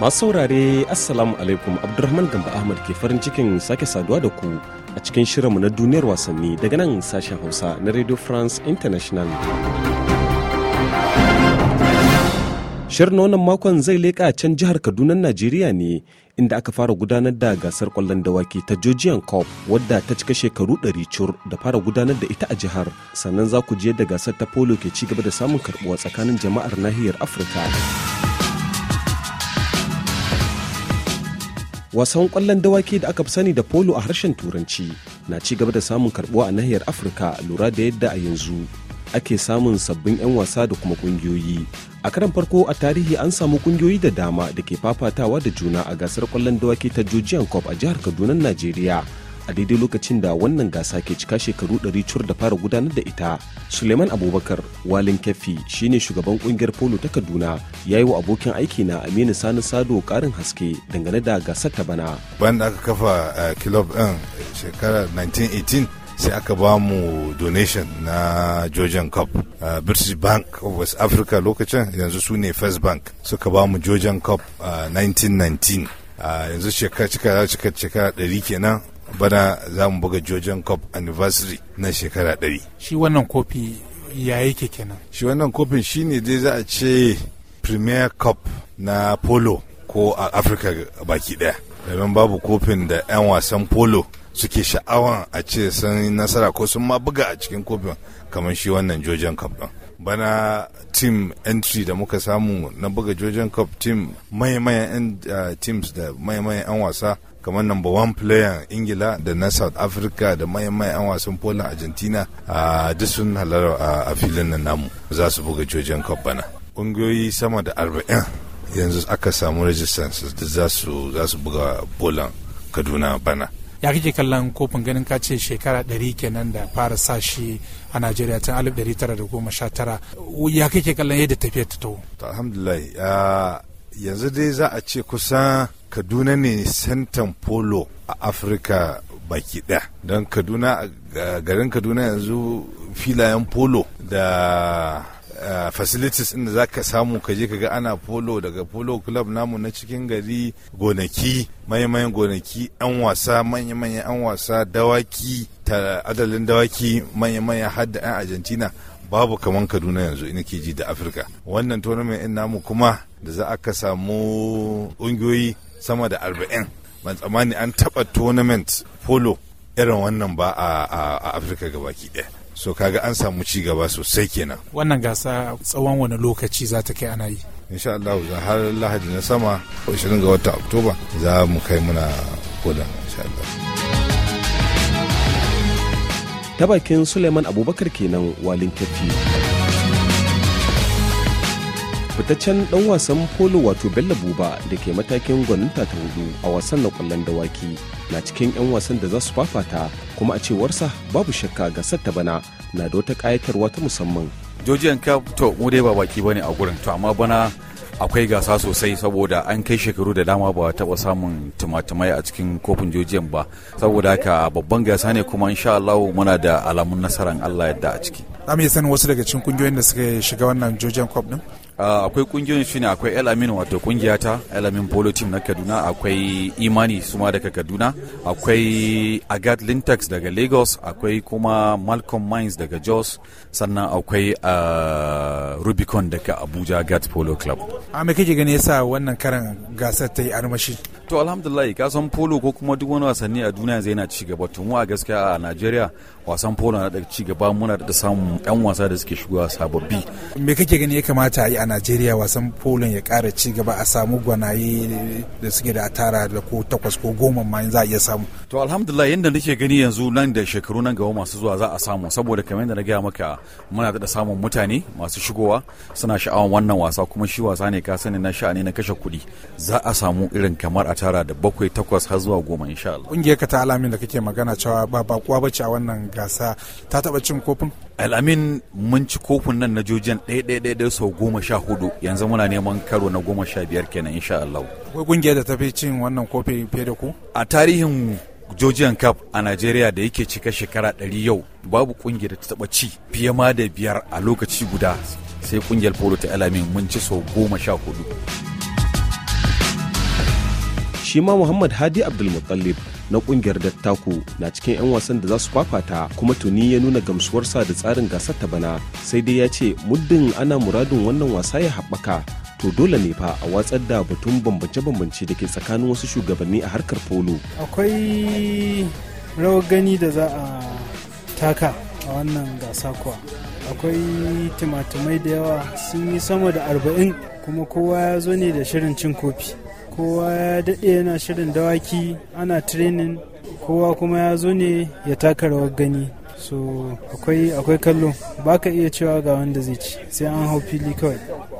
masu saurare assalamu alaikum abdulrahman gamba ahmad ke farin cikin sake saduwa da ku a cikin shirinmu na duniyar wasanni daga nan sashen hausa na radio france international shirin wannan makon zai leƙa can jihar kaduna najeriya ne inda aka fara gudanar da gasar kwallon dawaki ta georgian cup wadda ta cika shekaru 100 cur da fara gudanar da ita a jihar sannan za ku je da gasar ta polo ke ci gaba da samun karbuwa tsakanin jama'ar nahiyar afirka wasan kwallon dawaki da aka fi sani da polo a harshen turanci na ci gaba da samun karbuwa a nahiyar afirka lura da yadda a yanzu ake samun sabbin 'yan wasa da kuma kungiyoyi a karan farko a tarihi an samu kungiyoyi da dama da ke fafatawa da juna a gasar kwallon dawaki ta georgian cup a jihar kaduna najeriya a daidai lokacin da wannan gasa ke cika shekaru 100 da fara gudanar da ita suleiman abubakar walin kafi shine shugaban kungiyar polo ta kaduna ya yi wa abokin aiki na aminu sani sado karin haske dangane da gasar ta bana ban da aka kafa eh, club din shekarar 1918 sai aka ba mu donation na georgian cup eh, british bank of west africa lokacin yanzu su ne first bank suka ba mu georgian cup 1919 eh, yanzu shekara cika cika cika ɗari kenan bana za mu buga georgian cup anniversary na shekara ɗari shi wannan kofi ya yake kenan shi wannan kofin shi ne dai za a ce premier cup na polo ko a afirka baki ɗaya. domin babu kofin da 'yan wasan polo suke sha'awan a ce sun nasara ko sun ma buga a cikin kofin kamar shi wannan georgian cup ɗin bana team entry da muka samu na buga georgian cup team mayan 'yan eh, teams da mayan 'yan wasa kamar number one player ingila da na south africa da mayan mayan wasan poland argentina a duk sun halar a filin nan namu za su buga jojen cup bana ƙungiyoyi sama da arba'in yanzu aka samu resistance da za su buga poland kaduna bana ya kike kallon kofin ganin ka ce shekara ɗari kenan da fara sashi a najeriya tun alif ɗari tara da goma sha tara ya kike kallon yadda tafiya ta to alhamdulillah yanzu dai za a ce kusan kaduna ne santan polo a afirka baki ɗaya don kaduna garin kaduna yanzu filayen polo da Uh, facilities inda za ka samu ka je ga ana polo daga polo club namu na cikin gari gonaki manya-manyan gonaki 'yan wasa manya-manyan 'yan wasa dawaki ta adalin dawaki manya-manyan hadda 'yan argentina babu kamar kaduna yanzu ina ke ji da afirka wannan tournament namu kuma da za aka samu ƙungiyoyi sama da arba'in ban tsammani an taɓa tournament polo irin wannan ba a afirka gabaki ɗaya so kaga an samu ci gaba sosai kenan wannan gasa tsawon wani lokaci za ta kai ana yi insha Allah za har lahadi na sama 20 ga watan oktoba za mu kai muna kodan insha Allah ta bakin suleiman abubakar kenan walin tafiya fitaccen dan wasan polo wato bello buba da ke matakin gwaninta ta hudu a wasan na kwallon dawaki na cikin 'yan wasan da za su fafata kuma a cewarsa babu shakka gasar ta bana na da wata kayatarwa ta musamman jojiyan cup to mu dai ba baki bane a gurin to amma bana akwai gasa sosai saboda an kai shekaru da dama ba taba samun tumatumai a cikin kofin jojiyan ba saboda haka babban gasa ne kuma insha Allah muna da alamun nasarar Allah yadda a ciki. Za mu iya sanin wasu daga cikin kungiyoyin da suka shiga wannan jojiyan cup din? Ah, akwai kungiyoyin shine akwai El Amin wato kungiya ta El Amin Polo Team na Kaduna akwai Imani suma daga Kaduna akwai Agat Lintex daga Lagos akwai kuma Malcolm Mines daga Jos sannan akwai ah, Rubicon daga Abuja Agat Polo Club. A me kake gani yasa wannan karan gasar ta yi armashi? To alhamdulillah ka san polo ko kuma duk wani wasanni a duniya zai yana ci gaba to mu a gaskiya a Najeriya wasan polo na da ci gaba muna da samun yan wasa da suke shigowa sababbi. Me kake gani ya kamata a yi najeriya wasan poland ya kara ci gaba a samu gwanaye da suke da tara da ko takwas ko goma ma za a iya samu to alhamdulillah yadda nake gani yanzu nan da shekaru nan gaba masu zuwa za a samu saboda kamar yadda na gaya maka muna da samun mutane masu shigowa suna sha'awan wannan wasa kuma shi wasa ne ka sani na sha'ani na kashe kuɗi za a samu irin kamar a tara da bakwai takwas har zuwa goma insha Allah kungiyar ka ta alamin da kake magana cewa ba bakuwa bace a wannan gasa ta taba cin kofin al'amin mun ci kofin nan na jojin ɗaya sau goma sha hudu yanzu muna neman karo na goma sha biyar kenan insha Allah. Akwai kungiyar da ta fi cin wannan kofi fiye da ku? A tarihin jojiyan cup a Najeriya da yake cika shekara ɗari yau babu ƙungiyar da ta taɓa ci fiye ma da biyar a lokaci guda sai kungiyar polo ta alamin mun ci sau goma sha hudu. Shi ma Muhammad Hadi Abdulmuttalib na kungiyar dattako na cikin 'yan wasan da za su fafata kuma tuni ya nuna gamsuwarsa da tsarin gasar ta bana sai dai ya ce muddin ana muradin wannan wasa ya haɓaka to dole ne fa a watsar da batun bambance-bambance da ke tsakanin wasu shugabanni a harkar polo akwai rawar gani da za a taka a wannan gasa kuwa akwai timatimai da yawa sun yi sama da arba'in kuma kowa ya zo ne da shirin cin kofi kowa ya daɗe yana shirin dawaki ana training kowa kuma ya zo ne ya taka rawar gani so akwai akwai kallo ba ka iya cewa ga wanda zai ci sai an hau fili kawai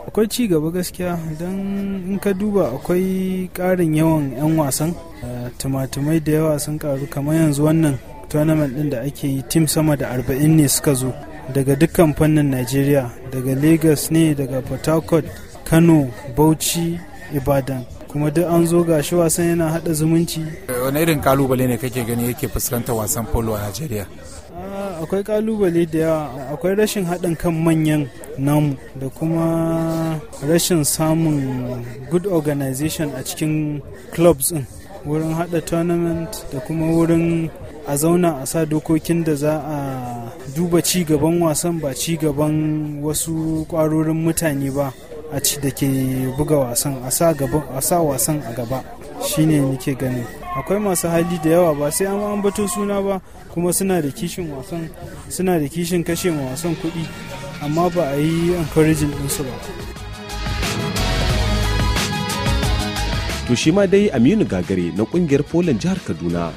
akwai ci gaba gaskiya don in ka duba akwai ƙarin yawan 'yan wasan eh, tumatumai da yawa sun karu kamar yanzu wannan tournament ɗin da ake yi tim sama da 40 ne suka zo daga dukkan fannin nigeria daga lagos ne daga port harcourt kano bauchi ibadan kuma duk an zo ga shi wasan yana hada zumunci wani irin kalubale ne kake gani yake fuskantar wasan polo a najeriya akwai kalubale da yawa akwai rashin haɗin kan manyan namu da kuma rashin samun good organization a cikin clubs din wurin hada tournament da kuma wurin a zauna a sa dokokin da za a duba ci gaban wasan ba ci gaban wasu ƙwarorin mutane ba a ci da ke buga wasan a sa wasan a gaba shine nike ganin akwai masu hali da yawa ba sai an ambato suna ba kuma suna da kishin wasan suna da kishin kashe ma wasan kuɗi amma ba a yi encouraging ɗinsu ba to shi ma dai aminu gagare na kungiyar poland jihar kaduna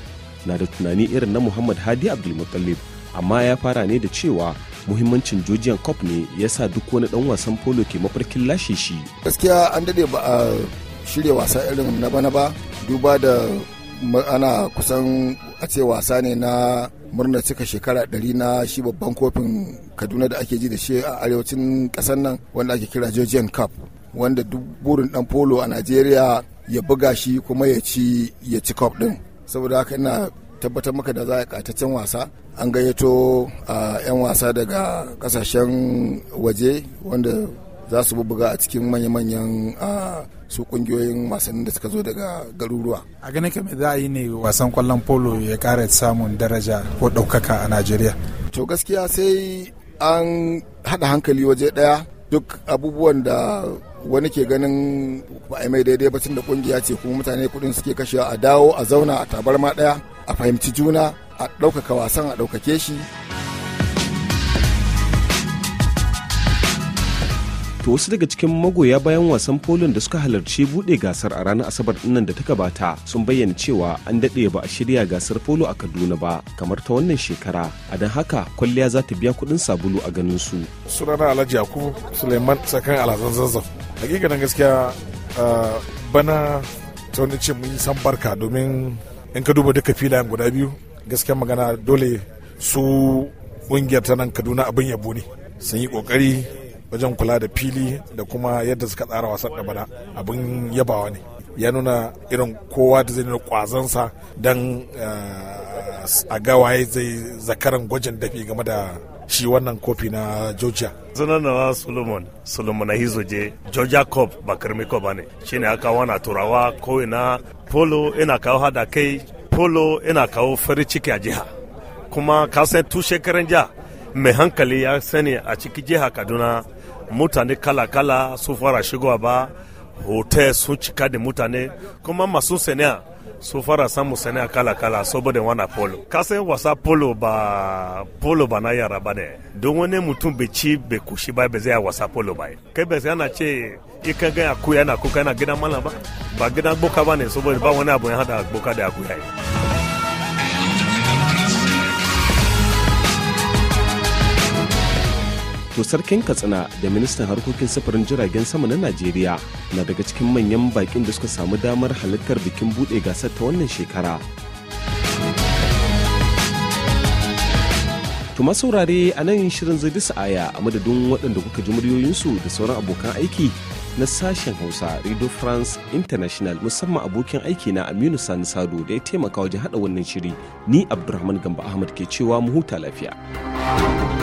na da tunani irin na muhammad hadi abdulmutallib amma ya fara ne da cewa muhimmancin georgian cup ne ya sa duk wani dan wasan polo ke mafarkin lashe shi gaskiya an dade ba a shirya wasa irin na bana ba duba da ana kusan a ce wasa ne na murnar cika shekara ɗari na shi babban kofin kaduna da ake ji da shi a arewacin ƙasar nan wanda ake kira georgian cup wanda duk burin dan polo a najeriya ya buga shi kuma ya ci ya ci cup din saboda haka ina tabbatar maka da za a katacen wasa an gayyato a 'yan wasa daga kasashen waje wanda za su bubuga a cikin manya-manyan su kungiyoyin wasannin da suka zo daga garuruwa a ganin kame za a yi ne wasan kwallon polo ya kara samun daraja ko ɗaukaka a najeriya to gaskiya sai an haɗa hankali waje daya. duk abubuwan da wani ke ganin ba a mai daidai ba tun da kungiya ce kuma mutane kudin suke kashewa a dawo a zauna a tabarma daya a fahimci juna a ɗaukaka wasan a ɗaukake shi to wasu daga cikin magoya bayan wasan polin da suka halarci buɗe gasar a ranar asabar dinnan da ta gabata sun bayyana cewa an daɗe ba a shirya gasar polo a kaduna ba kamar ta wannan shekara a don haka kwalliya za ta biya kuɗin sabulu a ganin su sunana alhaji yakubu suleiman sakan alhazan zazzau hakikanin gaskiya ah, bana ta wani ce mun yi san barka domin in ka duba duka filayen guda biyu gaskiyar magana dole su ƙungiyar ta nan kaduna abin yabo ne sun yi ƙoƙari wajen kula da fili da kuma yadda suka tsara wasan da bana abin yabawa ne ya nuna irin kowa da zai nuna sa. don eh, a gawaye zai zakaran gwajin dafi game da shi wannan kofi na Georgia. Sunanawa Solomon, Solomon Ahizoje, Georgia Cup ba karmi ba ne, shi ne aka wana turawa kowai na polo yana kawo hada kai polo yana kawo farin ciki a jiha kuma ka san tu shekaran jiha mai hankali ya sani a ciki jiha kaduna mutane kala-kala su fara shigowa ba hotel sun cika da mutane kuma masu sani su fara samu sani kala-kala saboda wana polo kasan wasa polo ba polo ba na yara ba ne don wani mutum bai ci bai kushi ba bai zai wasa polo ba kai bai na ce ikan kuya akuya yana kuka na gidan mana ba ba gidan boka ba ne saboda ba wani abu ya hada boka da akuya yi to sarkin katsina da ministan harkokin sufurin jiragen sama na najeriya na daga cikin manyan bakin da suka samu damar halittar bikin bude gasar ta wannan shekara tuma saurare a nan shirin zai disa aya a madadin waɗanda kuka ji muryoyinsu da sauran abokan aiki na sashen hausa radio france international musamman abokin aiki na aminu sani sado da ya taimaka wajen haɗa wannan shiri ni abdulrahman gamba ahmad ke cewa mu huta lafiya